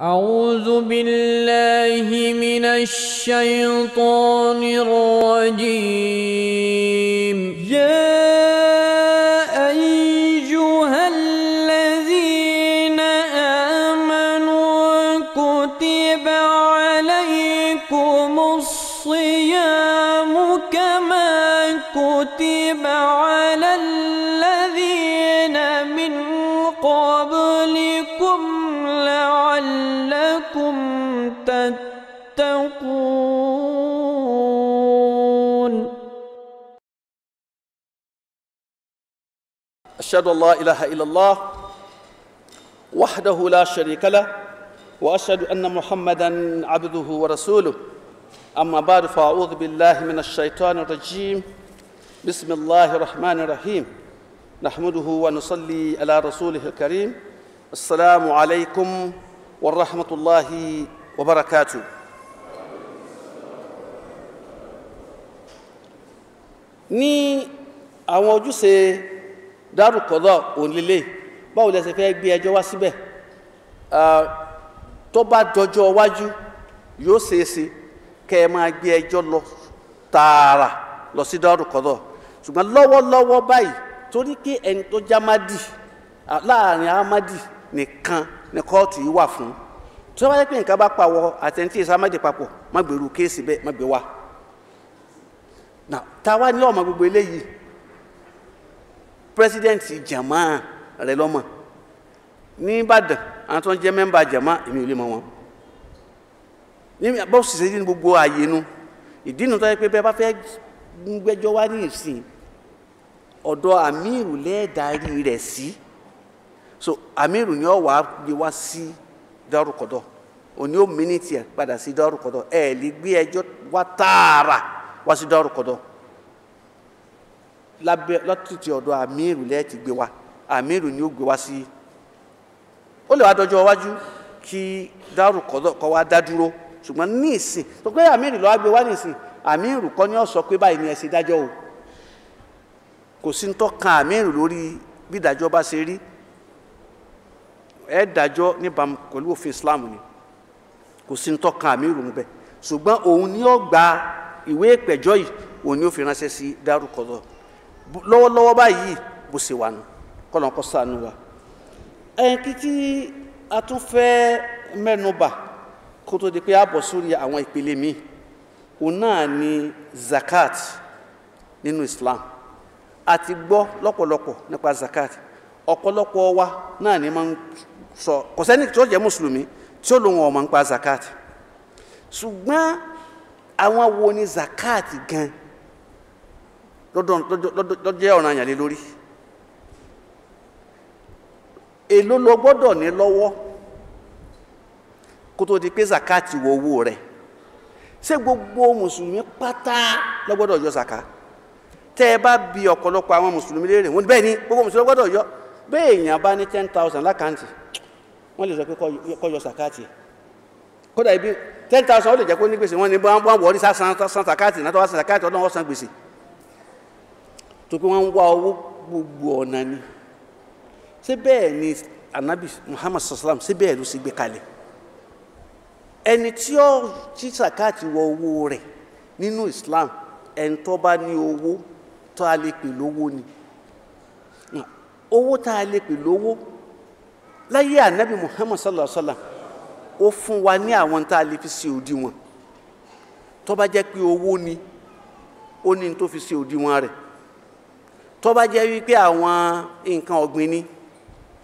أعوذ بالله من الشيطان الرجيم أشهد لا إله إلا الله وحده لا شريك له وأشهد أن محمدا عبده ورسوله أما بعد فأعوذ بالله من الشيطان الرجيم بسم الله الرحمن الرحيم نحمده ونصلي على رسوله الكريم السلام عليكم ورحمة الله وبركاته ني أوجسي dárúkọ̀dọ̀ òǹlélẹ̀ báwo lẹ fẹ́ gbé ẹjọ́ wá síbẹ̀ tó bá dọjọ́ iwájú yóò ṣeé kẹ́ ẹ máa gbé ẹjọ́ lọ tààrà lọ sí dárúkọ̀dọ̀ ṣùgbọ́n lọ́wọ́lọ́wọ́ báyìí torí ẹni tó já ni kóòtù yìí wà fún tí wọ́n bá yẹ nǹkan bá pawọ́ ìsámádì papọ̀ má gbèrú kéèsì bẹ́ẹ̀ má gbé wá president jama rẹ lọ́mọ ní ìbàdàn àwọn tó ń jẹ́ mẹ́mbà jama èmi ò lè mọ wọn ní bọ́ọ̀sì ṣe ní gbogbo ààyè nu ìdí nu tó yẹ pé bẹ́ẹ̀ bá fẹ́ gbẹ́jọ́ wá ní ìsìn ọ̀dọ̀ amíru lẹ́ẹ̀darí rẹ̀ sí so amíru ni ó wà á gbé wá sí dárúkọ̀dọ̀ òní ó mí ní tiẹ̀ padà sí dárúkọ̀dọ̀ ẹ̀ wá tààrà wá sí dárúkọ̀dọ̀ lábẹ́ lọ́tìtì ọ̀dọ̀ àmírù lẹ́ẹ̀ ti gbé wa àmírù ni ó gbé wa sí ó lè wá dọjọ́ iwájú kí dárò kọ́ wa dá dúró ṣùgbọ́n ní ìsìn tó pé àmírù lọ́wọ́ gbé wa ní ìsìn àmírù kọ́ ni ó sọ pé báyìí ni ẹ ṣe dájọ́ o kò sí ń tọ́ kan àmírù lórí bí ìdájọ́ bá ṣe rí ẹ dájọ́ níbàámu pẹ̀lú òfin Islam ni kò sí ń tọ́ kan àmírù ń bẹ ṣùgbọ́n òun ni ó gba ìwé ìpẹ̀jọ́ yìí òun ni ó fi ránṣẹ́ sí dárò kọ́dọ̀ lọ́wọ́lọ́wọ́ báyìí bó ṣe wà nù kọ́nà kọ́ sànù wa. ẹn kí tí a tún fẹ́ mẹ́nubà kó tó di pé a bọ̀ sórí àwọn ìpele míì òun náà ni zakat nínú Islam a ti gbọ́ lọ́pọ̀lọpọ̀ nípa zakat ọ̀pọ̀lọpọ̀ wa náà ni máa ń sọ kò sẹ́ni tí ó jẹ́ mùsùlùmí tí ó lóun ọ̀mọ̀ nípa zakat ṣùgbọ́n àwọn wo ni zakat gan-an ló jẹ́ ọ̀ranyàn lé lórí èló ló gbọ́dọ̀ ní lọ́wọ́ kó tó di pé zakati wọ owó rẹ̀ ṣé gbogbo mùsùlùmí pátá ló gbọ́dọ̀ yọ zaka tẹ́ ẹ bá bi ọ̀pọ̀lọpọ̀ àwọn mùsùlùmí léèrè wọ́n bẹ́ẹ̀ ni gbogbo mùsùlùmí ló gbọ́dọ̀ yọ bẹ́ẹ̀ èèyàn bá ní ten thousand lákàntì wọ́n lè sọ pé kó yọ zakati kódà ibi ten thousand ó lè jẹ́ kó ní gbèsè wọ́n ní wọ́n wọ́n wọ́ọ́rí sá san zakati náà tó wá san zakati ọlọ́run ó san gbèsè tó pé wọ́n ń wá owó gbogbo ọ̀nà ni ṣé bẹ́ẹ̀ ni anabi muhammad sallam ṣé bẹ́ẹ̀ ló ṣe gbé kalẹ̀ ẹni tí ó tí sàkáàtì wọ owó rẹ̀ nínú islam ẹni tó bá ní owó tó a lè pè lówó ni owó tá a lè pè lówó láyé anabi muhammad sallallahu alaihi wa sallam ó fún wa ní àwọn tá a lè fi ṣe òdiwọ̀n tó bá jẹ́ pé owó ni ó ní tó fi ṣe òdiwọ̀n rẹ̀ tó bá jẹ́ wípé àwọn nǹkan ọ̀gbìn ni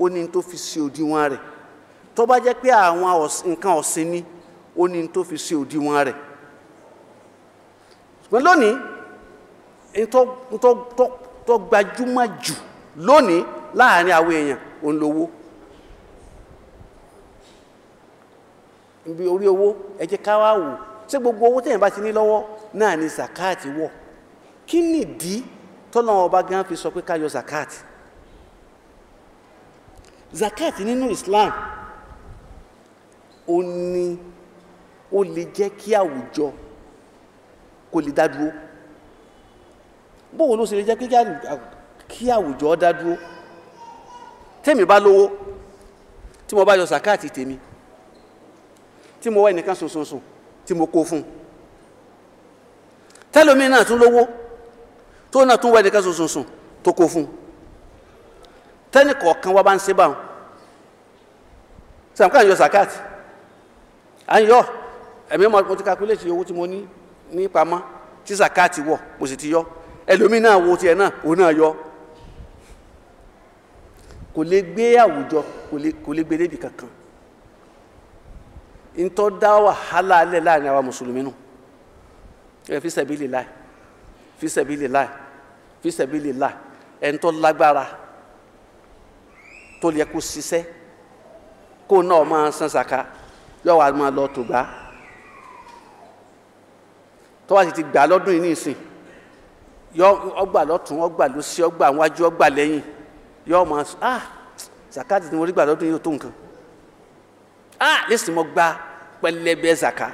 ó ní tó fi ṣe òdiwọ̀n rẹ̀ tó bá jẹ́ pé àwọn nǹkan ọ̀sìn ni ó ní tó fi ṣe òdiwọ̀n rẹ̀ ṣùgbọ́n lónìí tó gbajúmọ̀ jù lónìí láàrin àwọn èèyàn òun orí owó ẹ ká wá wò ṣé gbogbo owó téèyàn bá ti ní lọ́wọ́ náà ni sàkáàtì wọ̀ kí nìdí tọ́nà ọba gan fi sọ pé ká yọ zakat zakat nínú Islam ó ní ó lè jẹ́ kí àwùjọ kò lè dá dúró bówo ló ṣe lè jẹ́ kí àwùjọ dá dúró tèmi bá lówó tí mo bá yọ sàkáàtì tèmi tí mo wá ẹnìkan sùnsùnsùn tí mo kó fún un náà tún lówó tó náà tún wá ẹnìkan sunsunsun tó kó fún un tẹ́nì kọ̀ọ̀kan wá bá ń ṣe báwọn sàmkà ń yọ zakat à ń yọ ẹ̀mí mo ti calculate owó tí mo ní ní pamọ́ tí zakat wọ̀ mo sì ti yọ ẹlòmíín náà wo tiẹ̀ náà òun náà yọ kò lè gbé àwùjọ kò lè gbé débi kankan ntọ́ dá wàhálà alẹ́ láàrin àwa mùsùlùmí nù ẹ fi sẹ́bi lè láì fisẹ̀bílì láì fisẹ̀bílì láì ẹni tó lágbára tó yẹ kó ṣiṣẹ́ kó náà máa san sàká yóò wá máa lọ tó gbá tó wá sì ti gbà lọ́dún yìí nísìn yọ ọgbà lọ́tún ọgbà lósì ọgbà wájú ọgbà lẹ́yìn yóò máa ah sàká ti ní orí gbà lọ́dún yìí ò tó nǹkan ah lẹ́sìn mo gba pẹlẹbẹ sàká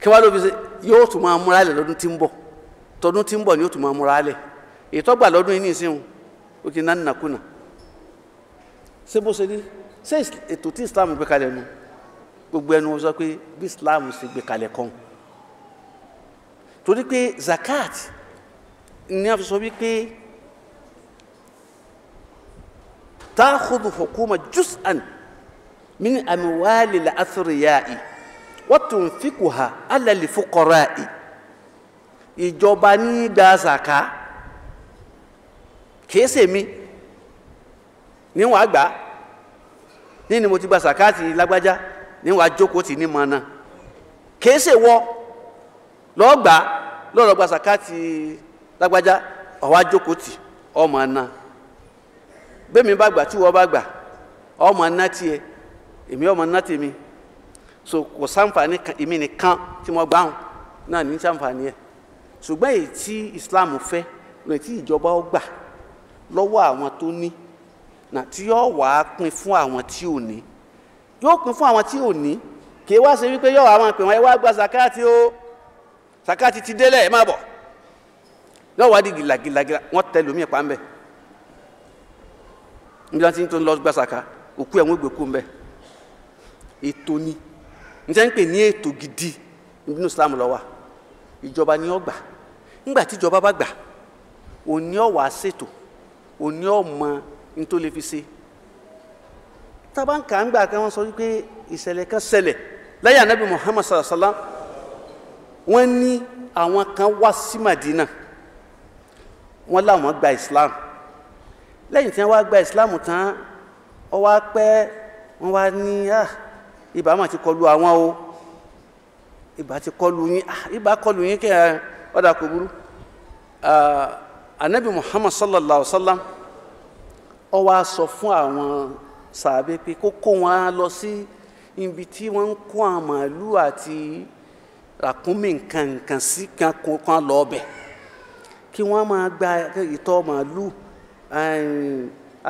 kí wàá ló fi yóò tún máa múra lẹ̀ lọ́dún tí ń bọ̀ tọdún tí ń bọ̀ ni yóò tún máa múra lẹ̀ ìtọ́gbà lọ́dún yìí nìsín o kì í náà nàkúnà ṣé bó ṣe ní ṣé ètò tí Islam gbé kalẹ̀ nu gbogbo ẹnu sọ pé bí Islam ṣe gbé kalẹ̀ kan torí pé zakat ni a fi sọ wípé táàkùdù hukuma juz'an min amwali al-athriya'i. watunfikuha alali fuqara'i ìjọba ní dá zaka kìí mi níwọ̀n àgbà ní ni mo ti gba sàkáàtì lágbájá ní mọ̀ náà kìí sè wọ́ lọ́gbà gba lágbájá ọmọ náà bẹ́ẹ̀ mi bá gbà tí wọ́n bá gbà ọmọ ọmọ náà tèmi. so kò sáǹfààní kan èmi nìkan tí mo gbáhùn náà ní sáǹfààní ẹ̀ ṣùgbọ́n èyí tí Islam fẹ́ lóye tí ìjọba ó gbà lọ́wọ́ àwọn tó ní náà tí yóò wá pín fún àwọn tí ò ní yóò pín fún àwọn tí ò ní kì í wá ṣe wípé yóò wá máa pè wọ́n ẹ wá gba zakati o zakati ti délẹ̀ ẹ má bọ̀ yóò wá di gìlàgìlàgìlà wọ́n tẹ lómi ẹ̀pá ń bẹ̀ níbi tí wọ́n ti ń lọ gbàsàkà òkú ẹ̀ wọ́n gbé kú ń ètò ni níta ń pè ní ètò gidi nínú Islam ló wà ìjọba ni ó gbà nígbà tí ìjọba bá gbà òní ọ̀wà ṣètò òní ọ̀mọ nítorí fi ṣe tabanka ńgbà kan wọ́n sọ wípé ìṣẹ̀lẹ̀ kan ṣẹlẹ̀ láyé anabi Muhammad sallallahu alaihi wa sallam wọ́n ní àwọn kan wá sí Madina wọ́n láwọn gba Islam lẹ́yìn tí wọ́n wá gba Islam tán ó wá wọ́n wá ní ah ibà mà ti kọlu àwọn o ibà ti kọlu yín ah, ibà kọlu yín kẹ́ ẹ ọ̀dà kò burú anabi muhammad sallallahu alaihi wa sallam ó wá sọ fún àwọn sàbẹ pé kó kó wọn lọ sí ibi tí wọn ń kó àwọn màálù àti ràkúnmí nǹkan nǹkan sí kan kan lọ ọbẹ kí wọn máa gba ìtọ̀ màálù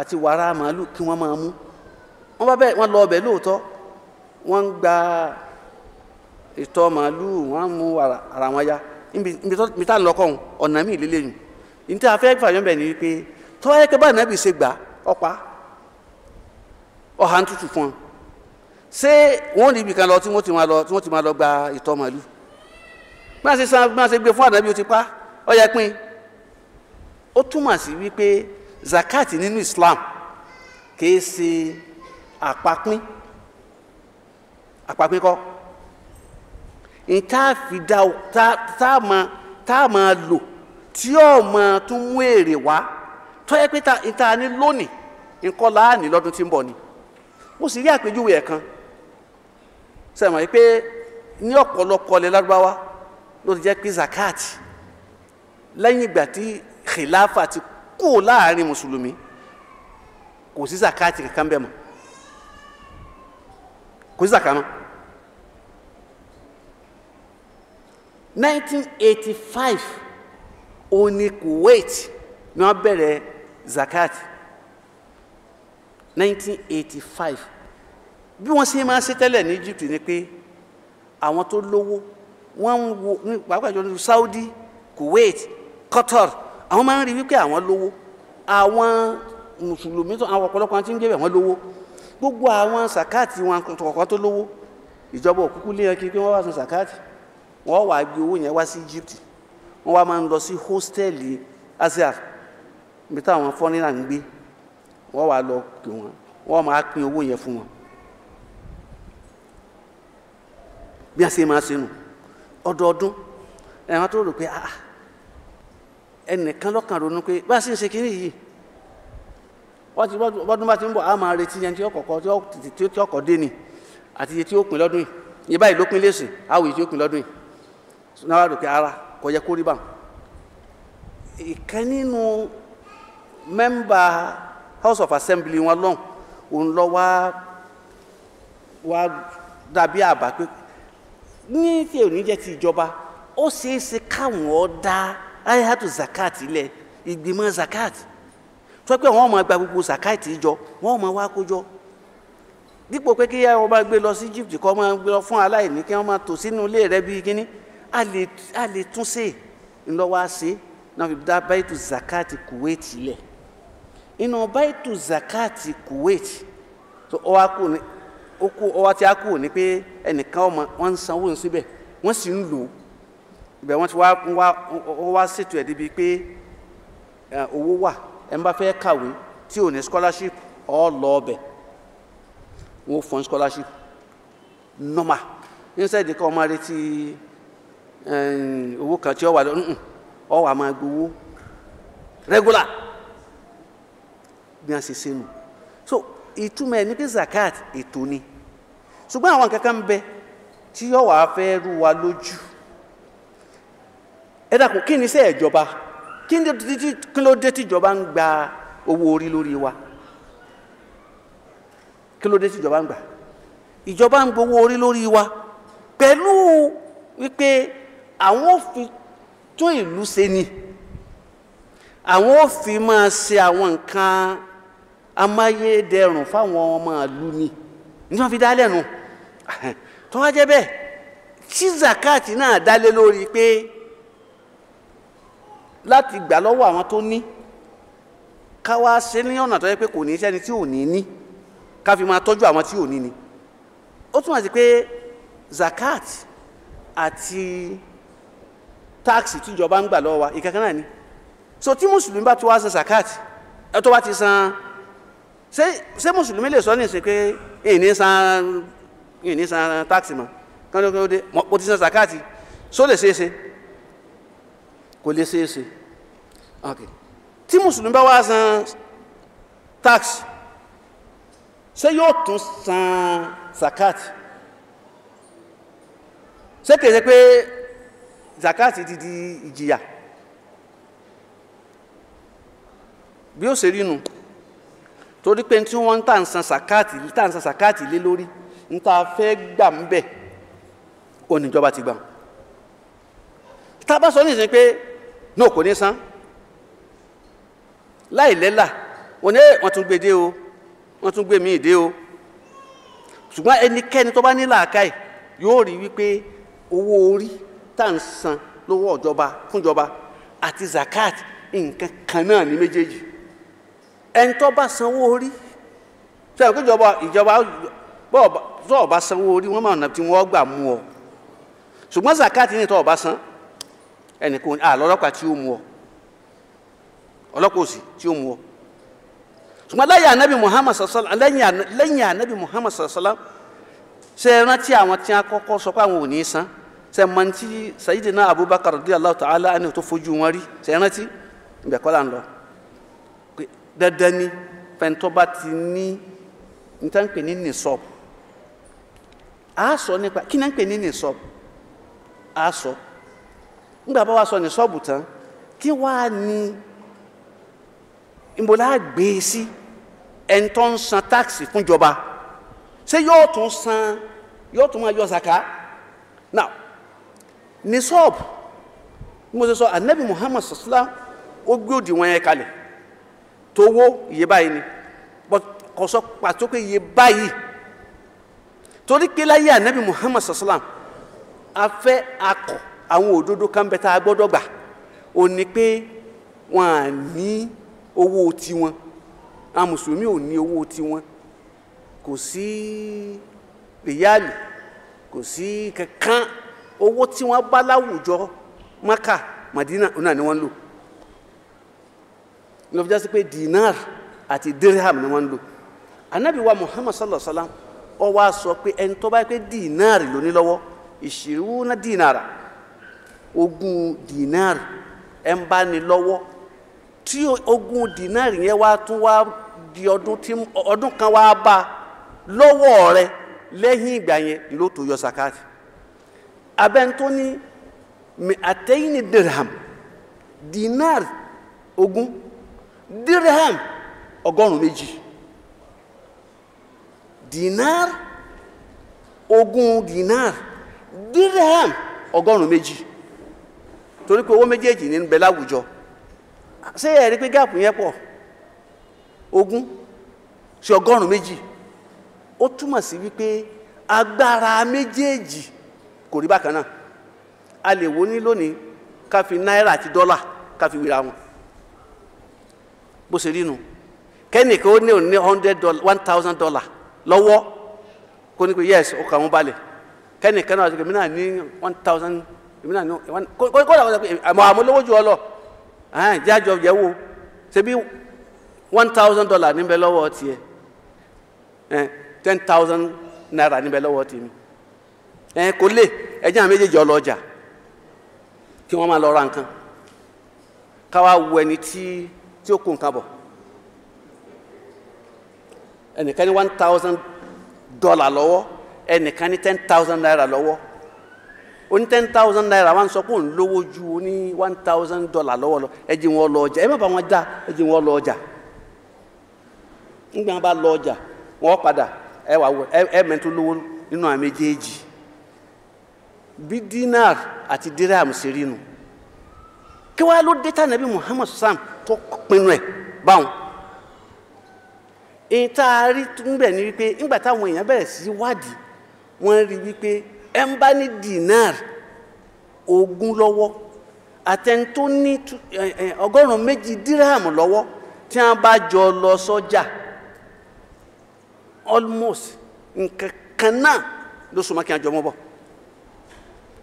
àti wàrà màálù kí wọ́n máa mú wọ́n bá bẹ́ẹ̀ wọ́n lọ ọbẹ̀ lóòótọ́ wọ́n ń gba ìtọ̀ màálùú wọ́n mú ara wọn ya níbi tá à ń lọ́kọ̀ ọ̀nà míì lélẹ́yìn ní tí a fẹ́ bẹ̀ ni wípé tọ́ ẹ kẹ́bà nàbì ṣe gbà ọ̀pá ọ̀hà ń tutù fún ọ ṣé wọ́n níbi kan lọ tí wọ́n ti máa lọ tí wọ́n ti máa lọ gba ìtọ̀ màálùú bí ṣe san bí ṣe gbé fún ànábì ó ti pa ó yẹ pín ó túmọ̀ sí wípé zakat nínú Islam kì í ṣe àpapín àpapín kọ́ ìtàfidà táàmà táàmà lò tí ọmọ tún mú èrè wá tó yẹ pé ìta ní lónìí nǹkan láàánì lọ́dún tí ń bọ̀ ni mo sì rí àpèjúwe ẹ̀ kan sẹ́wọ̀n yìí pé ní ọ̀pọ̀lọpọ̀ ilẹ̀ lárúbáwá ló ti jẹ́ pé zakat lẹ́yìn ìgbà tí khilafa ti kú láàrin mùsùlùmí kò sí zakat kankan bẹ́ẹ̀ mọ́ kò sí zakat mọ́. 1985 òun ni Kuwait ni wọ́n bẹ̀rẹ̀ zakat 1985 bí wọ́n ṣe máa ń ṣe tẹ́lẹ̀ ní Egypt ni pé àwọn tó lówó wọ́n ń wo ní pàápàá jọ Saudi Kuwait Qatar àwọn máa ń rí wípé àwọn lówó àwọn mùsùlùmí tó àwọn ọ̀pọ̀lọpọ̀ àwọn tí ń gbé bẹ̀ wọ́n lówó gbogbo àwọn sàkáàtì wọn kọ̀ọ̀kan tó lówó ìjọba òkúkú lé yẹn kí wọ́n wá san sàkáàtì wọ́n wàá gbé owó yẹn wá sí Egypt wọ́n wá máa ń lọ sí hóstẹ́ẹ̀lì Azhar níbi táwọn fọ́nrínà ń gbé wọ́n wàá lọ pè wọ́n wọ́n máa pín owó yẹn fún wọn bí a ṣe máa ṣe nù ọdọọdún ẹ̀rọ tó rò pé ah ẹnìkan lọ́kàn ronú pé bá a ṣe ń ṣe kínní yìí bọ́dún bá ti ń bọ̀ á máa retí yẹn tí ọkọ̀ dé ni àti iye tí ó pin lọ́dún yìí yìí báyìí ló pin léṣe àwòye tí ó pin lọ́dún yìí náà rò ara kò koriban kó rí house of assembly wa wa dàbí aba pe ní tí ti ọ dá ayéhàtò zakat ile ìgbìmọ̀ zakat tó pe won máa gba gbogbo zakat jọ wọ́n máa wá kó jọ dípò pé kí ma gbé lọ sí Egypt kọ́ máa gbé lọ rẹ bi a lè tún ṣe ńlọ́wọ́ á ṣe náà fi dá báyìtù zakati Kuwait lẹ̀ inú báyìtù zakati Kuwait tó ọwọ́ kù ní okú ọwọ́ tí a kù ní pé ẹnìkan ọmọ wọn ń sanwó ń síbẹ̀ wọ́n sì ń lò ó ibẹ̀ wọ́n ti wá wá ṣètò ẹ̀ débi pé owó wà ẹ̀ ń bá fẹ́ kàwé tí ò ní scholarship ọ̀ lọ ọbẹ̀ wọ́n fọ́n scholarship normal instead kọ́ ọmọ rẹ ti owó kan tí ó wà lọ́nù ọ wà máa gbowó regular bí wọ́n ṣe ṣe nù so ìtumọ̀ ẹ̀ ní pé zakat ètò ni ṣùgbọ́n àwọn kankan bẹ tí yóò wá fẹ́ rú wa lójú ẹ dàkún kí ni iṣẹ́ ìjọba kí ló dé tíjọba ń gba owó orí lórí wa kí ló dé tíjọba ń gbà ìjọba ń gbowó orí lórí wa pẹ̀lú wípé àwọn ò fi tún ìlú ṣe ni àwọn ò fi máa ṣe àwọn nǹkan amáyédẹrùn fáwọn ọmọ ìlú ni ní wọ́n fi dá lẹ́nu tó wá jẹ́ bẹ́ẹ̀ tí zakati náà dálé lórí pé láti gbà lọ́wọ́ àwọn tó ní ká wá ṣe ní ọ̀nà tó yẹ pé kò ní sẹ́ni tí ò ní ní ká fi máa tọ́jú àwọn tí ò ní ní ó túmọ̀ sí pé zakat àti táàksì tíjọba ń gbà lọ́wọ́ wa ìkankan náà ni so tí mùsùlùmí bá ti wá san zakat ẹ tó bá ti san ṣé ṣé mùsùlùmí lè sọ ní ìsìn pé ìní san ìní san táàksì mọ́ kánlẹ́kánlẹ́ dé mo ti san zakat zakati ti di ìjìyà bí ó ṣe rí nu torí pé tí wọ́n ń tà ń san zakati tà ń san zakati lé lórí ń ta fẹ́ gbà ń bẹ̀ oníjọba ti gbà tá a bá sọ nísìnyí pé náà kò ní san láì lẹ́là wọn ní wọ́n tún gbé dé o wọ́n tún gbé mí dé o ṣùgbọ́n ẹnikẹ́ni tó bá ní làákàyè yóò rí wípé owó orí tá à ń san lọ́wọ́ ìjọba àti zakat nǹkan kan náà ní méjèèjì ẹni tó bá sanwó orí ọba sanwó orí wọ́n máa nà tí wọ́n gbà mú ọ ṣùgbọ́n zakat ní tó ọba san ẹnìkan àlọ́lọ́pàá tí ó ọ ọlọ́pàá òsì tí ó mú ọ ṣùgbọ́n lẹ́yìn anabi muhammad sallam lẹ́yìn anabi muhammad sallam ṣe rántí àwọn sẹ mọ̀ntì Sayyidina Abubakar radiyallahu ta'ala ẹni tó fojú wọn rí sẹ rántí ibẹ̀ kọ́ là ń lọ dandan ni fẹ́ntọ́ba ti ní níta ń pè ní nìsọ́ọ̀bù a sọ nípa kí ni ń pè ní nìsọ́ọ̀bù a sọ nígbà bá wa sọ nìsọ́ọ̀bù tán kí wàá ní ìmọ̀lá gbé e sí ẹni tó ń san táàkì fúnjọba ṣé yóò tún san yóò tún máa yọ zaka now ní sọ́ọ̀bù mo ṣe sọ anabi muhammad sallam ó gbé òdì wọn yẹn kalẹ̀ tó wó iye báyìí ni kò sọ pàtó pé iye báyìí torí pé láyé anabi muhammad sallam afẹ́ akọ àwọn òdodo kan bẹ tá a gbọ́dọ̀ gbà ó ní pé wọn à ní owó tiwọn àwọn mùsùlùmí ò ní owó tiwọn kò sí rìyálì kò sí kankan. owó tí wọ́n bá láwùjọ maka madina náà ni wọ́n lò ní wọ́n fi pé dinar àti dirham ni wọ́n lò anabi wa muhammad sallallahu alaihi wa sọ pé ẹni tó bá yẹ pé dinar ló ní lọ́wọ́ ìṣirúnà dinara dinar ń bá di ọdún tí ọdún kan wá bá lọ́wọ́ rẹ lẹ́yìn ìgbà yẹn abentoni tó dinar ogun dirham ọgọ́rùn-ún méjì dinar ogun dinar dirham ọgọ́rùn-ún méjì torí pé owó méjèèjì ní bẹ láwùjọ ṣé ẹ̀rí pé gáàpù yẹn pọ̀ kò rí bákan náà a lè wo ní lónìí ká fi náírà àti dọ́là ká fi wíra wọn bó ṣe rí nu kẹ́nìkan ó ní òní hundred dollar one thousand dollar lọ́wọ́ kó ní pé yes ó kà wọ́n balẹ̀ kẹ́nìkan náà ṣe náà ní one thousand èmi náà ní one kó kó dàgbà pé àmọ́ àmọ́ lówó ju ọ lọ jájọ yẹ wo ṣe bí one thousand dollar níbẹ̀ lọ́wọ́ tiẹ̀ ten thousand naira níbẹ̀ lọ́wọ́ tèmi ẹ kò lè ẹjẹ́ àwọn méjèèjì ọlọ́jà kí wọ́n máa lọ ra nǹkan káwa wo ẹni tí tí ó kó nǹkan bọ̀ ẹnìkan ní one thousand dollar lọ́wọ́ ẹnìkan ní ten thousand naira lọ́wọ́ oní ten thousand naira wọ́n sọ pé òun lówó ju oní one thousand dollar lọ́wọ́ lọ wọn lọ ọjà ẹ má wọn já wọn lọ ọjà bá lọ ọjà wọn ẹ wà wọ ẹ lówó nínú àwọn méjèèjì. bí dinar àti dirham ṣe rí nu kí wàá ló dé tànàbí Muhammad sam tó pinnu ẹ̀ báwọn èyí tá a rí níbẹ̀ ni wípé nígbà táwọn èèyàn bẹ̀rẹ̀ sí wádìí wọ́n rí wípé ẹ̀ ní dinar ogún lọ́wọ́ àtẹni tó ní ọgọ́rùn-ún méjì dirham lọ́wọ́ tí wọ́n bá jọ lọ sọ́jà almost nǹkan kan náà ló sọ ma kí n jọ mọ́ bọ̀.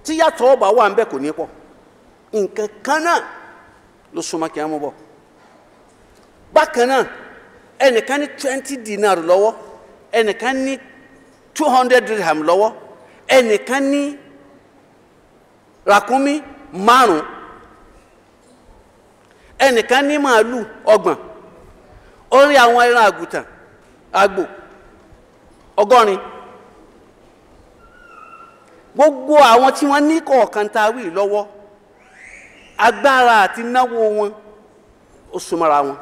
tí yàtọ̀ ọba wà ń bẹ kò ní pọ̀ nǹkan kan náà ló súnmọ́ kí á mú bọ̀ bákan náà ẹnìkan ní twenty dinar lọ́wọ́ ẹnìkan ní two hundred dirham lọ́wọ́ ẹnìkan ní ràkúnmí márùn ẹnìkan ní màálù ọgbọ̀n orí àwọn ẹran àgbò gbogbo àwọn tí wọ́n ní kọ̀ọ̀kan tá a wí lọ́wọ́ agbára àti náwó wọn ó súnmọ́ra wọn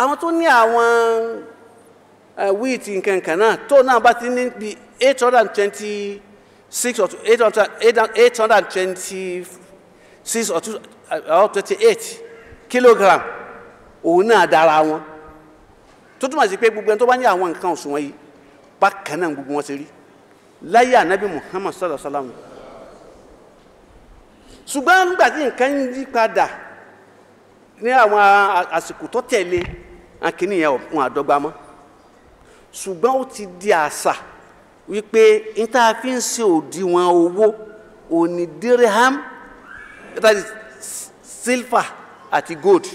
àwọn tó ní àwọn wíìtì nkankan náà tó náà bá ti ní bí eight hundred and twenty six or eight hundred eight hundred and twenty six or two uh, or twenty eight kilogram òun náà dára wọn tó túmọ̀ sí pé gbogbo ẹni tó bá ní àwọn nǹkan òṣùwọ̀n yìí bákan náà gbogbo wọn ṣe rí láyé ànábì muhammad sallallahu alaihi wasallam ṣùgbọ́n nígbà tí nǹkan ń yí padà ní àwọn àsìkò tó tẹ̀lé akínní yẹn òun àdọ́gba mọ́ ṣùgbọ́n ó ti di àṣà wípé n tá a fi ń ṣe òdiwọ̀n owó òní dirham silver àti gold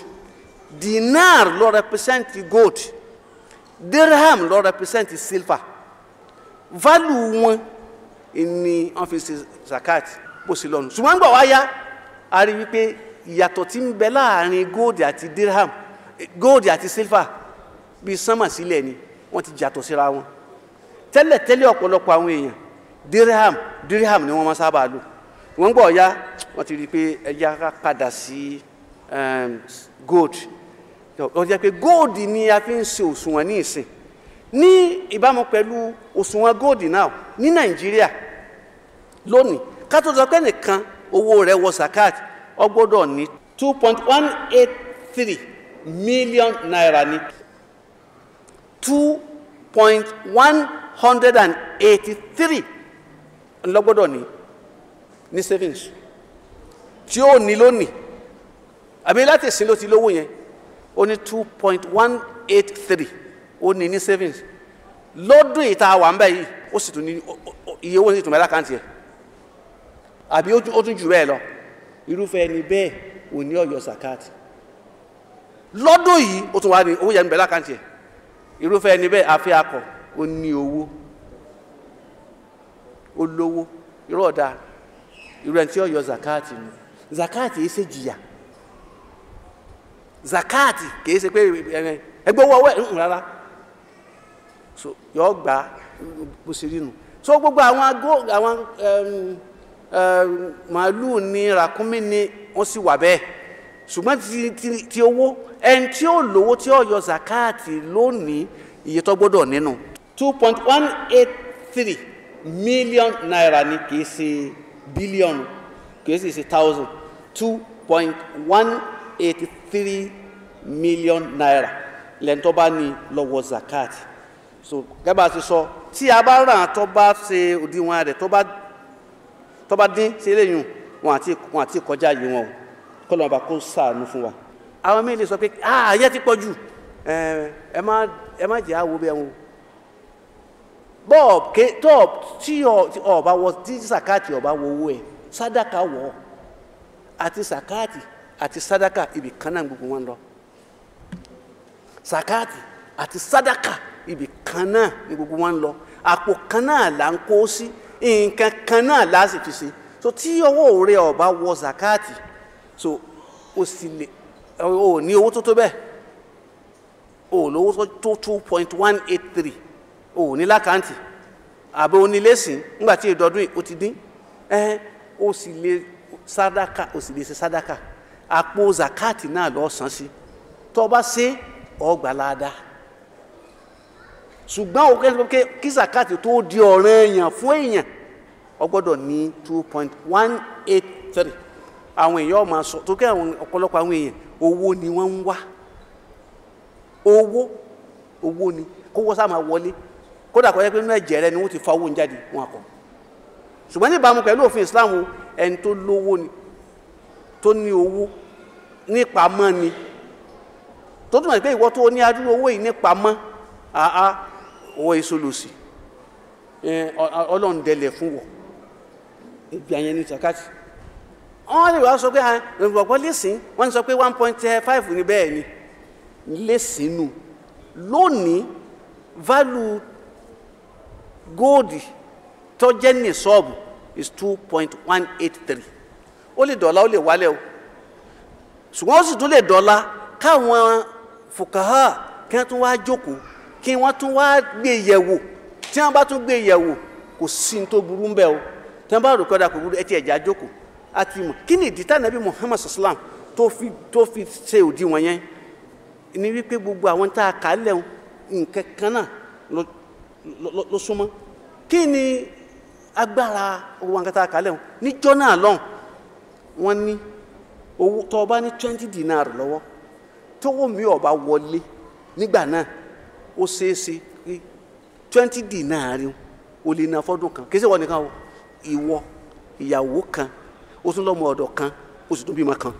dinar ló represent gold dirham ló represent silver value wọn ni wọ́n fi ṣe zakat bó ṣe lọ́nu ṣùgbọ́n gbọ̀ wáyá a rí wípé ìyàtọ̀ tí ń bẹ láàrin gold àti dirham gold àti silver bíi sánmà sílẹ̀ ni wọ́n ti jàtọ̀ síra wọn tẹ́lẹ̀tẹ́lẹ̀ ọ̀pọ̀lọpọ̀ àwọn èèyàn dirham dirham ni wọ́n máa sábà lò wọ́n gbọ́ ọ̀yá wọ́n ti rí i pé ẹja padà sí ehm, gold ó jẹ́ pé gold ni a fi ń ṣe òṣùwọ̀n ní ìsìn ní ìbámu pẹ̀lú òṣùwọ̀n góòdì náà ní nàìjíríà lónìí kátó sọ pé nìkan owó rẹ̀ wọ zakat ó ní two point one eight three million naira ní two point one hundred and eighty three ló gbọ́dọ̀ ní ní savings tí ó ní lónìí àbí láti sin ló ti lówó yẹn ó ní two point one eight three ó ní ní savings lọ́dún ìta wà ń bẹ̀ yìí ó sì tún ní iye owó sì tún bẹ́ẹ̀ lákàntì ẹ̀ àbí ó tún jù bẹ́ẹ̀ lọ irúfẹ́ ẹni bẹ́ẹ̀ ò ní ọ̀yọ́ zakat lọ́dún yìí ó tún wà ní owó yẹn ń bẹ́ẹ̀ lákàntì ẹ̀ irúfẹ́ ẹni bẹ́ẹ̀ àfi akọ̀ ó ní owó ó lówó irú ọ̀dà irú ẹni tí ọ̀yọ́ zakat ni zakat yìí ṣe jìyà zakat kì í ṣe pé ẹgbẹ́ owó ọwọ́ ẹ̀ ń rárá so yọ gbà so gbogbo àwọn agó àwọn màálù ni ràkúnmí ni wọ́n sì wà bẹ́ẹ̀ ṣùgbọ́n ti owó ẹni tí ó lówó tí ó yọ zakati lónìí iye tó gbọ́dọ̀ nínú two point one eight three million naira ni kì í ṣe bílíọ̀nù kì í sì ṣe thousand two point one eight three million naira lẹ́ńtọ́ bá ní lọ́wọ́ zakati so gẹ́gẹ́ bá a ti sọ tí a bá rà tó bá ṣe òdiwọ̀n rẹ̀ tó bá dín sí eléyìí wọn àti wọn àti kọjá yìí wọn o kọ́ lọ́nà bá kó sàánú fún wa àwọn míì lè sọ pé ààyè ti pọ̀ jù ẹ má ẹ má jẹ́ àwo bẹ́ẹ̀ wọn bọ́ọ̀b ké tọ́ọ̀b tí ọba wọ tí sàkáàtì ọba wọ owó ẹ̀ sádàkà wọ̀ ọ́ àti sàkáàtì àti sádàkà ibì kan náà gbogbo wọn lọ sàkáàtì àti sádàkà ibì kan náà ni gbogbo wọn ń lọ àpò kan náà là ń kó sí nǹkan kan so tí ọwọ́ ọba wọ zakati so o sì lè o ní owó tó tó bẹ́ẹ̀ o lówó tó two point one eight three o ní lákàntì àbẹ onílẹ̀sìn o ti dín o sì lè sadaka o sadaka àpò zakati náà lọ sàn sí tọ́ ọ bá ṣùgbọ́n o kẹ́ kí zakati tó di ọ̀ràn èèyàn fún èèyàn ọ gbọ́dọ̀ ní two point one eight three àwọn èèyàn ọmọ aṣọ tó kẹ́ àwọn ọ̀pọ̀lọpọ̀ àwọn èèyàn owó ni wọ́n ń wá owó owó ni kówó sáà máa wọlé kódà kọjá pé nínú ẹ̀jẹ̀ rẹ ni wọ́n ti fa owó ń jáde wọn kọ ṣùgbọ́n níbàámu pẹ̀lú òfin Islam ẹni tó lówó ni tó ní owó nípamọ́ ni tó túmọ̀ pé ìwọ tó ní adúrú owó yìí nípamọ́ àá owó ìsolòsì ọlọ́run dẹlẹ̀ fún wọ̀ ibi àyẹn ní zakati wọ́n lè wá sọ pé ìgbàgbọ́ ah, lẹ́sìn wọ́n ti sọ pé one point eh, five ní bẹ́ẹ̀ ni lẹ́sìn nù lónìí value gold tó jẹ́ ní sọ́ọ̀bù is two point one eight three ó lè dọ́là ó lè wálẹ̀ o ṣùgbọ́n ó sì tún lè dọ́là káwọn fòkàhà kí wọ́n tún wá jókòó kí wọ́n tún wá gbé yẹ̀wò tí wọ́n bá tún gbé yẹ̀wò kò sí ní tó burú ń o tí wọ́n bá rò kọ́dà kò burú ẹ ẹ̀já jókòó àti mọ̀ kí ni ìdí tànàbí Muhammad sallam tó fi tó fi ṣe òdi wọn yẹn ni wípé gbogbo àwọn tá a kà á lẹ́hùn nǹkan kan náà ló súnmọ́ kí ni agbára owó nǹkan tá a kà á lẹ́hùn níjọ́ náà lọ́hùn wọ́n ní owó tó o bá ní twenty dinar lọ́wọ́ tó wọ́n mi ò bá wọlé nígbà náà ó ṣeé ṣe twenty dinari o lè na fọ́dún kan kì í ṣe ìwọ nìkan o ìwọ ìyàwó kan o tún lọmọ ọdọ kan o sì tún bímọ kan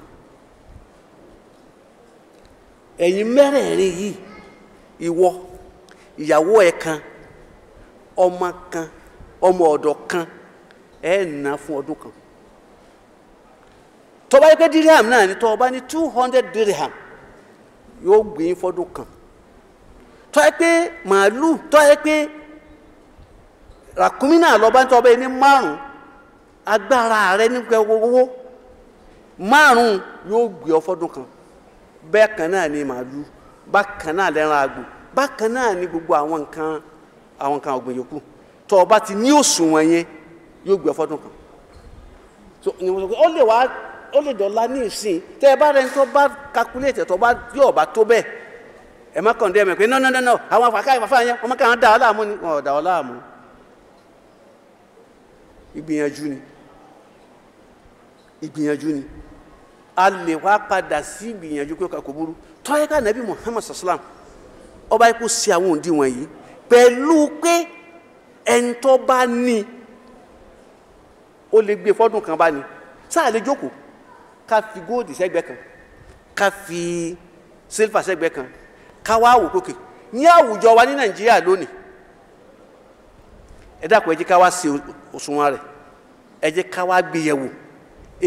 ẹ̀yin mẹ́rẹ̀ẹ̀rin yìí ìwọ ìyàwó ẹ̀ kan ọmọ kan ọmọ kan ẹ̀ ná fún ọdún kan tó bá yẹ pé dirham náà ni 200 bá ní two hundred dirham yóò gbìn kan tọ́ ẹ pé màálù tọ́ ẹ pé ràkúnmí náà lọ́ba tó ọbẹ̀ ní márùn agbára rẹ nípa owó márùn yóò gbé ọ kan bẹ́ẹ̀ kan náà ni màálù bákan náà lẹ́ran àgbò bákan náà ni gbogbo àwọn nǹkan àwọn nǹkan ọ̀gbìn yòókù tọ́ ọba ti ní òṣùwọ̀n yẹn yóò gbé ọ kan so ni mo sọ pé ó lè wá ó lè dọ̀la ní ìsìn tẹ́ ẹ bá rẹ ń tọ́ bá kakuléètì ẹ̀ tọ́ bá yóò bá tó bẹ́ẹ̀ ẹ má kàn dé ẹmẹ pé no no no no àwọn àfàkà ìfàfà yẹn wọn kàn dá ọ láàmú ni wọn ò dá ọ láàmú ìgbìyànjú ni ìgbìyànjú ni a lè wá padà sí ìgbìyànjú pé kò burú tọ́yẹ́ ká nàbí Muhammad sallam ọba ikú sí àwọn òǹdí wọ̀nyí pẹ̀lú pé ẹ̀ńtọ́ bá ní ó lè gbé fọ́dún kan bá ní sáà lè jókòó ká fi góòdì sẹ́gbẹ́ kan ká fi sílfà sẹ́gbẹ́ kan kawa wá wò kókè ní àwùjọ wa ní nàìjíríà lónìí ẹ dàpọ̀ ẹ jẹ́ ká wá òṣùwọ̀n rẹ̀ ẹ jẹ́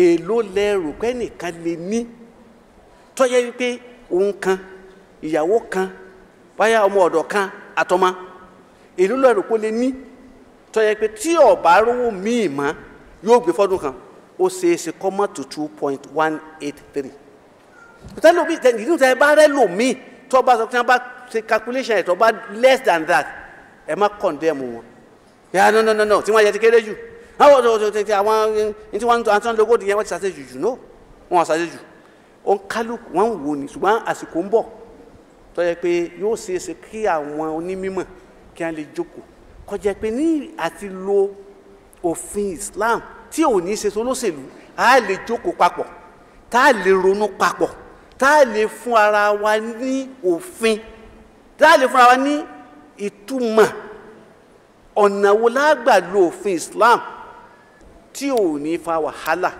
èèló lẹ́rù ní wípé kan ìyàwó kan báyà ọmọ ọ̀dọ̀ kan atọma èèló lẹ́rù kó lè ní tó pé tí ó rówó míì mọ́ yóò gbé fọ́dún kan ó ṣeé ṣe point one tó bá sọ pé wọ́n bá ṣe calculation ẹ̀ tó bá less than that ẹ má condemn wọn yà no no no no tí wọ́n yẹ ti kéré jù àwọn àwọn tí wọ́n ń tán lógódì yẹn wọ́n ti ṣàṣejù jù náà wọ́n ṣàṣejù ó ń kálukú wọ́n ń wò ní ṣùgbọ́n àsìkò ń bọ̀ tó yẹ pé yóò ṣe é ṣe kí àwọn onímọ̀ kí wọ́n lè jókòó kọjá pé ní àti lo òfin Islam tí ò ní ṣe tó lóṣèlú á lè jókòó papọ̀ tá a lè ronú papọ̀ tá a lè fún ara wa ní òfin tá a lè fún ara wa ní ìtumọ̀ ọ̀nà wo lágbà lo òfin Islam tí ò ní fa wàhálà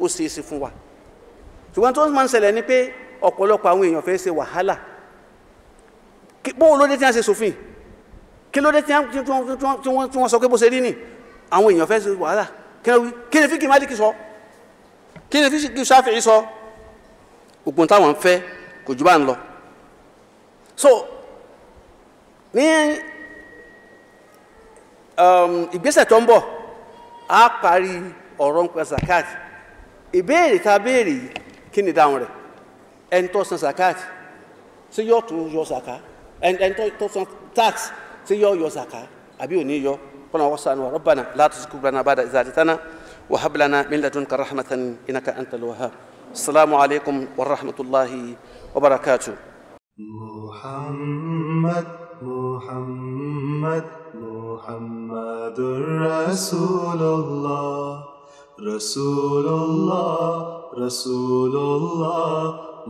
ó ṣeé ṣe fún wa ṣùgbọ́n tó máa ń ṣẹlẹ̀ ni pé ọ̀pọ̀lọpọ̀ àwọn èèyàn fẹ́ ṣe wàhálà bó ló dé tí wọ́n ṣe sòfin kí ló dé tí wọ́n sọ pé bó ṣe rí ni àwọn èèyàn fẹ́ ṣe wàhálà kí ni fíkì Málíkì sọ kí ni fíkì Ṣáfi'í sọ ogun táwọn ń fẹ́ kò jù bá ń lọ so ní um, ìgbésẹ̀ tó ń bọ̀ á parí ọ̀rọ̀ ń pa zakat ìbéèrè tá a béèrè kí ni dáhùn rẹ̀ ẹni tó san zakat ṣé yóò tún yọ zaka ẹni tó san tax ṣé yóò yọ zaka àbí ò yọ kọ́nà wọ́n sànù rabbana la tuzigh qulubana ba'da idh hadaytana wa hab lana min ladunka rahmatan innaka antal wahhab. السلام عليكم ورحمة الله وبركاته محمد محمد محمد رسول الله رسول الله رسول الله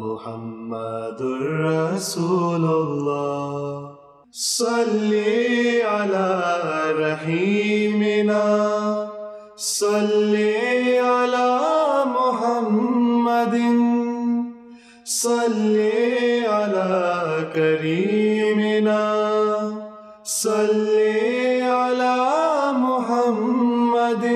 محمد رسول الله صل على رحيمنا صلي صل على كريمنا صل على محمد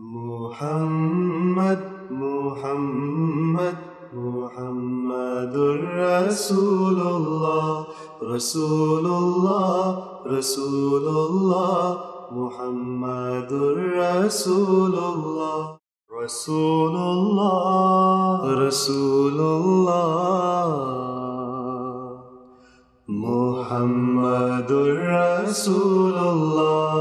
محمد محمد محمد رسول الله رسول الله رسول الله محمد رسول الله Rasulullah, Rasulullah, Muhammadur Rasulullah.